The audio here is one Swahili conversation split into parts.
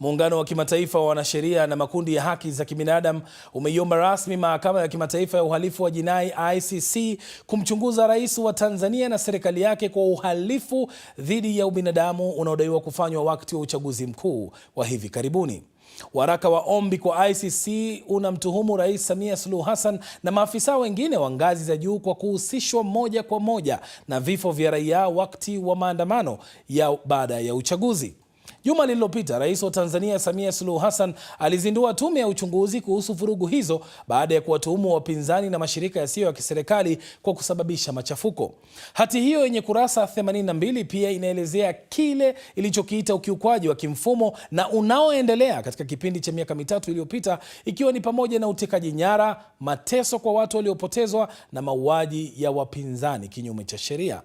Muungano wa kimataifa wa wanasheria na makundi ya haki za kibinadamu umeiomba rasmi mahakama ya kimataifa ya uhalifu wa jinai ICC kumchunguza rais wa Tanzania na serikali yake kwa uhalifu dhidi ya ubinadamu unaodaiwa kufanywa wakati wa uchaguzi mkuu wa hivi karibuni. Waraka wa ombi kwa ICC unamtuhumu Rais Samia Suluhu Hassan na maafisa wengine wa ngazi za juu kwa kuhusishwa moja kwa moja na vifo vya raia wakati wa maandamano ya baada ya uchaguzi. Juma lililopita Rais wa Tanzania Samia Suluhu Hassan alizindua tume ya uchunguzi kuhusu vurugu hizo baada ya kuwatuhumu wapinzani na mashirika yasiyo ya kiserikali kwa kusababisha machafuko. Hati hiyo yenye kurasa 82 pia inaelezea kile ilichokiita ukiukwaji wa kimfumo na unaoendelea katika kipindi cha miaka mitatu iliyopita, ikiwa ni pamoja na utekaji nyara, mateso kwa watu waliopotezwa na mauaji ya wapinzani kinyume cha sheria.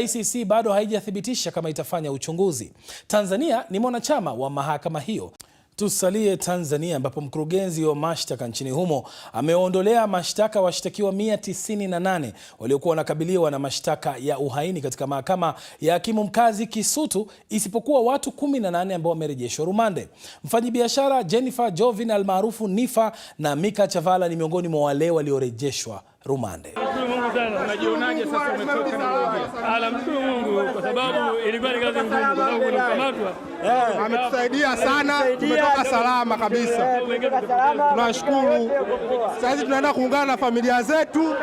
ICC bado haijathibitisha kama itafanya uchunguzi. Tanzania ni mwanachama wa mahakama hiyo. Tusalie Tanzania ambapo mkurugenzi wa mashtaka nchini humo ameondolea mashtaka washtakiwa 198 waliokuwa wanakabiliwa na mashtaka ya uhaini katika mahakama ya hakimu mkazi Kisutu isipokuwa watu 18 ambao wamerejeshwa rumande. Mfanyabiashara Jennifer Jovin almaarufu Nifa na Mika Chavala ni miongoni mwa wale waliorejeshwa rumande. Mungu sana, eh, ametusaidia sana, tumetoka salama kabisa. Tunashukuru. Sasa tunaenda kuungana na familia zetu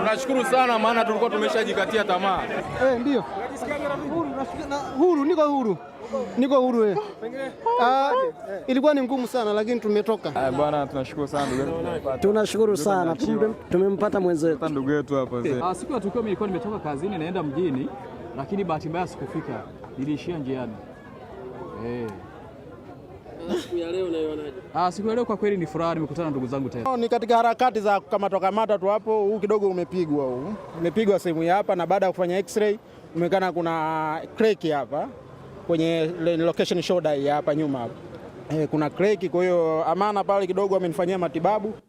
tunashukuru sana, maana tulikuwa tumeshajikatia tamaa. Eh, ndio huru, niko huru, niko huru eh. Ah, ilikuwa ni ngumu sana lakini tumetoka eh, bwana. Tunashukuru sana ndugu, tunashukuru sana tumempata mwenzetu ndugu yetu hapa. Ah, siku ya tukio nilikuwa nimetoka kazini naenda mjini, lakini bahati mbaya sikufika, niliishia njiani. Eh. Siku ya leo unaionaje? Ah, siku ya leo kwa kweli ni furaha, nimekutana na ndugu zangu tena. Ni katika harakati za kukamatwa kamata tu hapo, huu kidogo umepigwa, huu umepigwa sehemu ya hapa, na baada ya kufanya x-ray umekana kuna crack hapa kwenye location shoulder hapa nyuma hapa, Eh, kuna crack. Kwa hiyo Amana pale kidogo amenifanyia matibabu.